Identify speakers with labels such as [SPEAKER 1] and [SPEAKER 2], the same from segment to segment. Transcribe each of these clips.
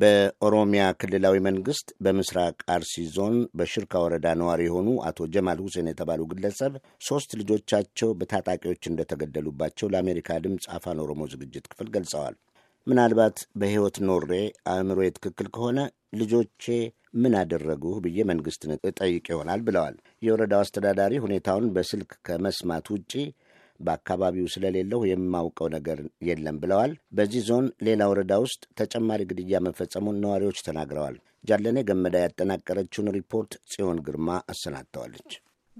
[SPEAKER 1] በኦሮሚያ ክልላዊ መንግስት በምስራቅ አርሲ ዞን በሽርካ ወረዳ ነዋሪ የሆኑ አቶ ጀማል ሁሴን የተባሉ ግለሰብ ሶስት ልጆቻቸው በታጣቂዎች እንደተገደሉባቸው ለአሜሪካ ድምፅ አፋን ኦሮሞ ዝግጅት ክፍል ገልጸዋል። ምናልባት በሕይወት ኖሬ አእምሮዬ ትክክል ከሆነ ልጆቼ ምን አደረጉህ ብዬ መንግስትን እጠይቅ ይሆናል ብለዋል። የወረዳው አስተዳዳሪ ሁኔታውን በስልክ ከመስማት ውጪ በአካባቢው ስለሌለው የማውቀው ነገር የለም ብለዋል። በዚህ ዞን ሌላ ወረዳ ውስጥ ተጨማሪ ግድያ መፈጸሙን ነዋሪዎች ተናግረዋል። ጃለኔ ገመዳ ያጠናቀረችውን ሪፖርት ጽዮን ግርማ አሰናድተዋለች።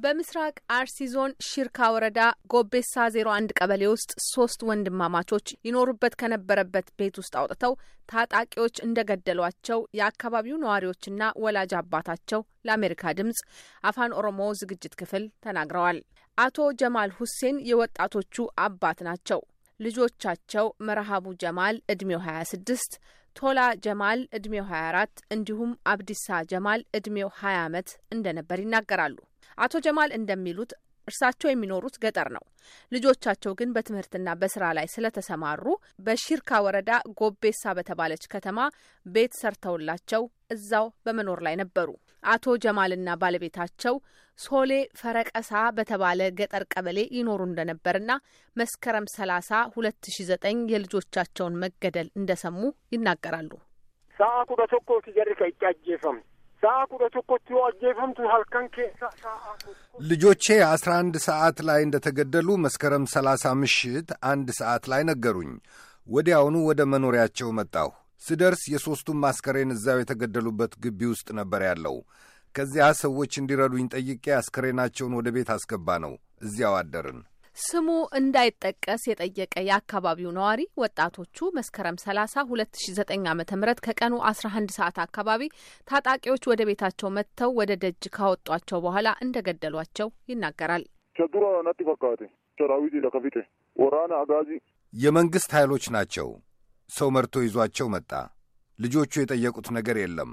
[SPEAKER 2] በምስራቅ አርሲ ዞን ሺርካ ወረዳ ጎቤሳ ዜሮ አንድ ቀበሌ ውስጥ ሶስት ወንድማማቾች ይኖሩበት ከነበረበት ቤት ውስጥ አውጥተው ታጣቂዎች እንደገደሏቸው የአካባቢው ነዋሪዎችና ወላጅ አባታቸው ለአሜሪካ ድምጽ አፋን ኦሮሞ ዝግጅት ክፍል ተናግረዋል። አቶ ጀማል ሁሴን የወጣቶቹ አባት ናቸው። ልጆቻቸው መርሃቡ ጀማል እድሜው 26፣ ቶላ ጀማል እድሜው 24 እንዲሁም አብዲሳ ጀማል እድሜው 20 ዓመት እንደነበር ይናገራሉ። አቶ ጀማል እንደሚሉት እርሳቸው የሚኖሩት ገጠር ነው። ልጆቻቸው ግን በትምህርትና በስራ ላይ ስለተሰማሩ በሺርካ ወረዳ ጎቤሳ በተባለች ከተማ ቤት ሰርተውላቸው እዛው በመኖር ላይ ነበሩ። አቶ ጀማልና ባለቤታቸው ሶሌ ፈረቀሳ በተባለ ገጠር ቀበሌ ይኖሩ እንደነበርና መስከረም 30 2009 የልጆቻቸውን መገደል እንደሰሙ ይናገራሉ።
[SPEAKER 1] ሰአቱ ልጆቼ አስራ ሰዓት ላይ እንደተገደሉ መስከረም ሰላሳ ምሽት አንድ ሰዓት ላይ ነገሩኝ። ወዲያውኑ ወደ መኖሪያቸው መጣሁ። ስደርስ የሦስቱም አስከሬን እዚያው የተገደሉበት ግቢ ውስጥ ነበር ያለው። ከዚያ ሰዎች እንዲረዱኝ ጠይቄ አስከሬናቸውን ወደ ቤት አስገባ ነው። እዚያው አደርን።
[SPEAKER 2] ስሙ እንዳይጠቀስ የጠየቀ የአካባቢው ነዋሪ ወጣቶቹ መስከረም 30 2009 ዓ ም ከቀኑ 11 ሰዓት አካባቢ ታጣቂዎች ወደ ቤታቸው መጥተው ወደ ደጅ ካወጧቸው በኋላ እንደገደሏቸው ይናገራል።
[SPEAKER 1] የመንግስት ኃይሎች ናቸው ሰው መርቶ ይዟቸው መጣ። ልጆቹ የጠየቁት ነገር የለም።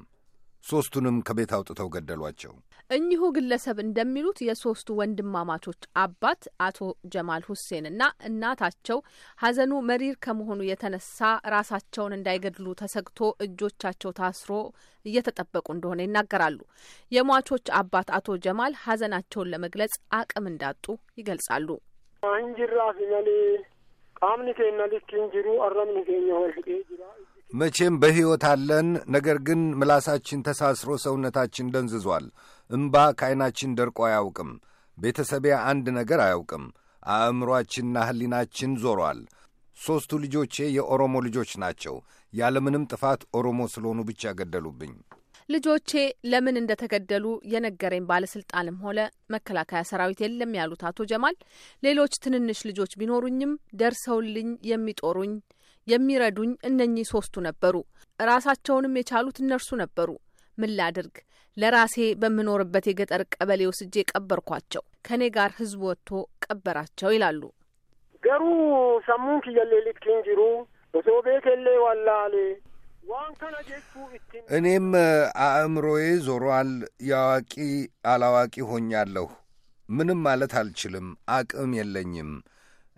[SPEAKER 1] ሦስቱንም ከቤት አውጥተው ገደሏቸው።
[SPEAKER 2] እኚሁ ግለሰብ እንደሚሉት የሶስቱ ወንድማማቾች አባት አቶ ጀማል ሁሴን እና እናታቸው ሐዘኑ መሪር ከመሆኑ የተነሳ ራሳቸውን እንዳይገድሉ ተሰግቶ እጆቻቸው ታስሮ እየተጠበቁ እንደሆነ ይናገራሉ። የሟቾች አባት አቶ ጀማል ሐዘናቸውን ለመግለጽ አቅም እንዳጡ ይገልጻሉ።
[SPEAKER 1] እንጅራ qaamni keenya likki hin jiru arrabni keenya መቼም በሕይወት አለን። ነገር ግን ምላሳችን ተሳስሮ ሰውነታችን ደንዝዟል። እምባ ከዐይናችን ደርቆ አያውቅም። ቤተሰቤ አንድ ነገር አያውቅም። አእምሮአችንና ሕሊናችን ዞሯል። ሦስቱ ልጆቼ የኦሮሞ ልጆች ናቸው። ያለምንም ጥፋት ኦሮሞ ስለሆኑ ብቻ ገደሉብኝ።
[SPEAKER 2] ልጆቼ ለምን እንደተገደሉ የነገረኝ ባለስልጣንም ሆነ መከላከያ ሰራዊት የለም ያሉት አቶ ጀማል ሌሎች ትንንሽ ልጆች ቢኖሩኝም ደርሰውልኝ የሚጦሩኝ የሚረዱኝ እነኚህ ሶስቱ ነበሩ። ራሳቸውንም የቻሉት እነርሱ ነበሩ። ምን ላድርግ? ለራሴ በምኖርበት የገጠር ቀበሌ ወስጄ ቀበርኳቸው። ከእኔ ጋር ህዝብ ወጥቶ ቀበራቸው ይላሉ።
[SPEAKER 1] ገሩ ሰሙን ክየሌሊት ክንጅሩ በሶቤ ከሌ ዋላሌ እኔም አእምሮዬ ዞሯል። ያዋቂ አላዋቂ ሆኛለሁ። ምንም ማለት አልችልም። አቅም የለኝም።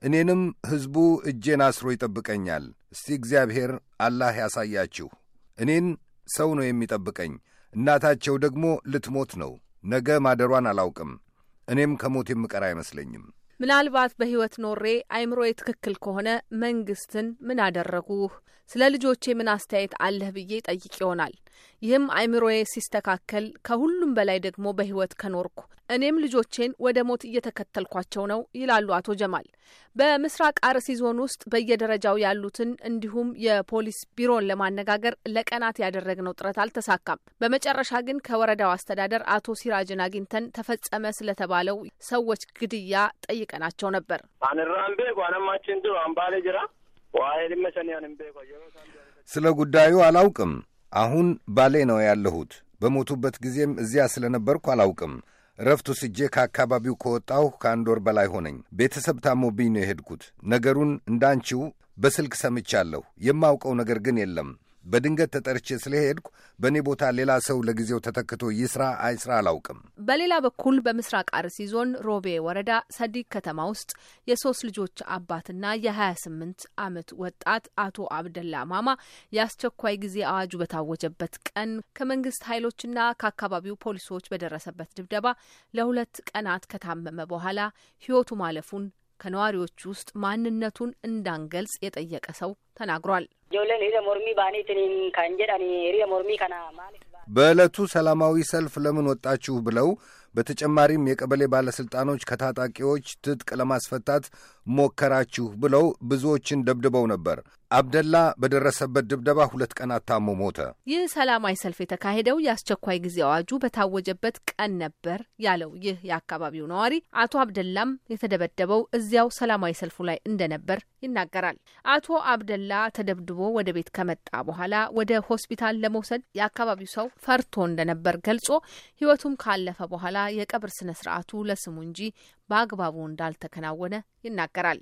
[SPEAKER 1] እኔንም ሕዝቡ እጄን አስሮ ይጠብቀኛል። እስቲ እግዚአብሔር አላህ ያሳያችሁ። እኔን ሰው ነው የሚጠብቀኝ። እናታቸው ደግሞ ልትሞት ነው። ነገ ማደሯን አላውቅም። እኔም ከሞት የምቀር አይመስለኝም።
[SPEAKER 2] ምናልባት በህይወት ኖሬ አይምሮዬ ትክክል ከሆነ መንግስትን ምን አደረጉህ፣ ስለ ልጆቼ ምን አስተያየት አለህ ብዬ ጠይቅ ይሆናል። ይህም አይምሮዬ ሲስተካከል፣ ከሁሉም በላይ ደግሞ በህይወት ከኖርኩ እኔም ልጆቼን ወደ ሞት እየተከተልኳቸው ነው ይላሉ አቶ ጀማል። በምስራቅ አርሲ ዞን ውስጥ በየደረጃው ያሉትን እንዲሁም የፖሊስ ቢሮን ለማነጋገር ለቀናት ያደረግነው ጥረት አልተሳካም። በመጨረሻ ግን ከወረዳው አስተዳደር አቶ ሲራጅን አግኝተን ተፈጸመ ስለተባለው ሰዎች ግድያ ጠይቀናቸው ነበር። ስለ
[SPEAKER 1] ጉዳዩ አላውቅም። አሁን ባሌ ነው ያለሁት። በሞቱበት ጊዜም እዚያ ስለነበርኩ አላውቅም። ረፍቱ ስጄ ከአካባቢው ከወጣሁ ከአንድ ወር በላይ ሆነኝ። ቤተሰብ ታሞብኝ ነው የሄድኩት። ነገሩን እንዳንቺው በስልክ ሰምቻለሁ። የማውቀው ነገር ግን የለም። በድንገት ተጠርቼ ስለሄድኩ በእኔ ቦታ ሌላ ሰው ለጊዜው ተተክቶ ይስራ አይስራ አላውቅም።
[SPEAKER 2] በሌላ በኩል በምስራቅ አርሲ ዞን ሮቤ ወረዳ ሰዲግ ከተማ ውስጥ የሶስት ልጆች አባትና የ28 ዓመት ወጣት አቶ አብደላ ማማ የአስቸኳይ ጊዜ አዋጁ በታወጀበት ቀን ከመንግስት ኃይሎችና ከአካባቢው ፖሊሶች በደረሰበት ድብደባ ለሁለት ቀናት ከታመመ በኋላ ህይወቱ ማለፉን ከነዋሪዎች ውስጥ ማንነቱን እንዳንገልጽ የጠየቀ ሰው ተናግሯል።
[SPEAKER 1] በዕለቱ ሰላማዊ ሰልፍ ለምን ወጣችሁ ብለው በተጨማሪም የቀበሌ ባለሥልጣኖች ከታጣቂዎች ትጥቅ ለማስፈታት ሞከራችሁ ብለው ብዙዎችን ደብድበው ነበር። አብደላ በደረሰበት ድብደባ ሁለት ቀናት ታሞ ሞተ።
[SPEAKER 2] ይህ ሰላማዊ ሰልፍ የተካሄደው የአስቸኳይ ጊዜ አዋጁ በታወጀበት ቀን ነበር ያለው ይህ የአካባቢው ነዋሪ፣ አቶ አብደላም የተደበደበው እዚያው ሰላማዊ ሰልፉ ላይ እንደነበር ይናገራል። አቶ አብደላ ተደብድቦ ወደ ቤት ከመጣ በኋላ ወደ ሆስፒታል ለመውሰድ የአካባቢው ሰው ፈርቶ እንደነበር ገልጾ ሕይወቱም ካለፈ በኋላ የቀብር ስነ ስርዓቱ ለስሙ እንጂ በአግባቡ እንዳልተከናወነ ይናገራል።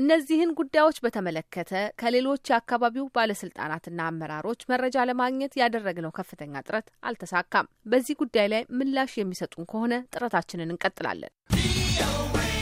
[SPEAKER 2] እነዚህን ጉዳዮች በተመለከተ ከሌሎች የአካባቢው ባለስልጣናትና አመራሮች መረጃ ለማግኘት ያደረግነው ከፍተኛ ጥረት አልተሳካም። በዚህ ጉዳይ ላይ ምላሽ የሚሰጡን ከሆነ ጥረታችንን እንቀጥላለን።